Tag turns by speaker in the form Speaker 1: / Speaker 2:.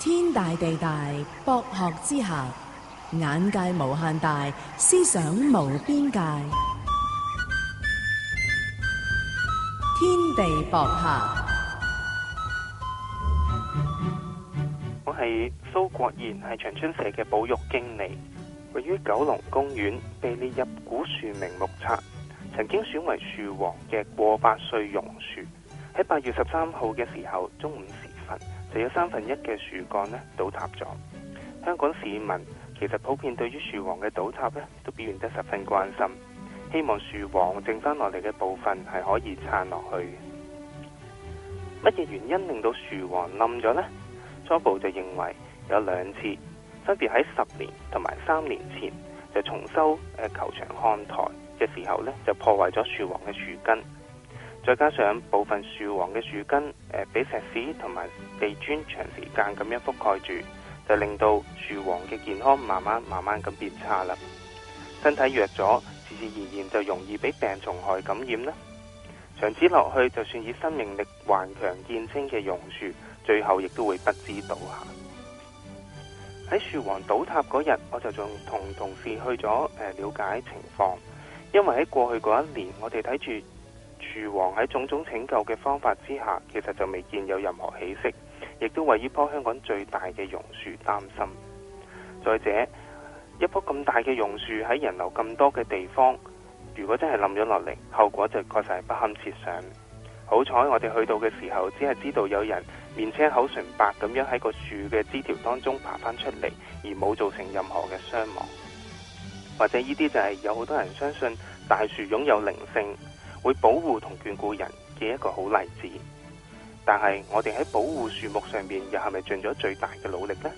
Speaker 1: 天大地大，博學之下眼界無限大，思想無邊界。天地博客，我係蘇國賢，係長春社嘅保育經理，位於九龍公園被列入古樹名木冊，曾經選為樹王嘅過百歲榕樹，喺八月十三號嘅時候中午時。就有三分一嘅樹幹呢倒塌咗。香港市民其實普遍對於樹王嘅倒塌呢都表現得十分關心，希望樹王剩翻落嚟嘅部分係可以撐落去的。乜嘢原因令到樹王冧咗呢？初步就認為有兩次，分別喺十年同埋三年前就重修、呃、球場看台嘅時候呢，就破壞咗樹王嘅樹根。再加上部分樹王嘅樹根，誒、呃，俾石屎同埋地磚長時間咁樣覆蓋住，就令到樹王嘅健康慢慢慢慢咁變差啦。身體弱咗，自自然然就容易俾病蟲害感染啦。長此落去，就算以生命力頑強見稱嘅榕樹，最後亦都會不知倒下。喺樹王倒塌嗰日，我就仲同同事去咗誒、呃、了解情況，因為喺過去嗰一年，我哋睇住。樹王喺種種拯救嘅方法之下，其實就未見有任何起色，亦都為一棵香港最大嘅榕樹擔心。再者，一棵咁大嘅榕樹喺人流咁多嘅地方，如果真係冧咗落嚟，後果就確實係不堪設想。好彩我哋去到嘅時候，只係知道有人面青口唇白咁樣喺個樹嘅枝條當中爬返出嚟，而冇造成任何嘅傷亡。或者呢啲就係、是、有好多人相信大樹擁有靈性。會保護同眷顧人嘅一個好例子，但係我哋喺保護樹木上面又係咪盡咗最大嘅努力呢？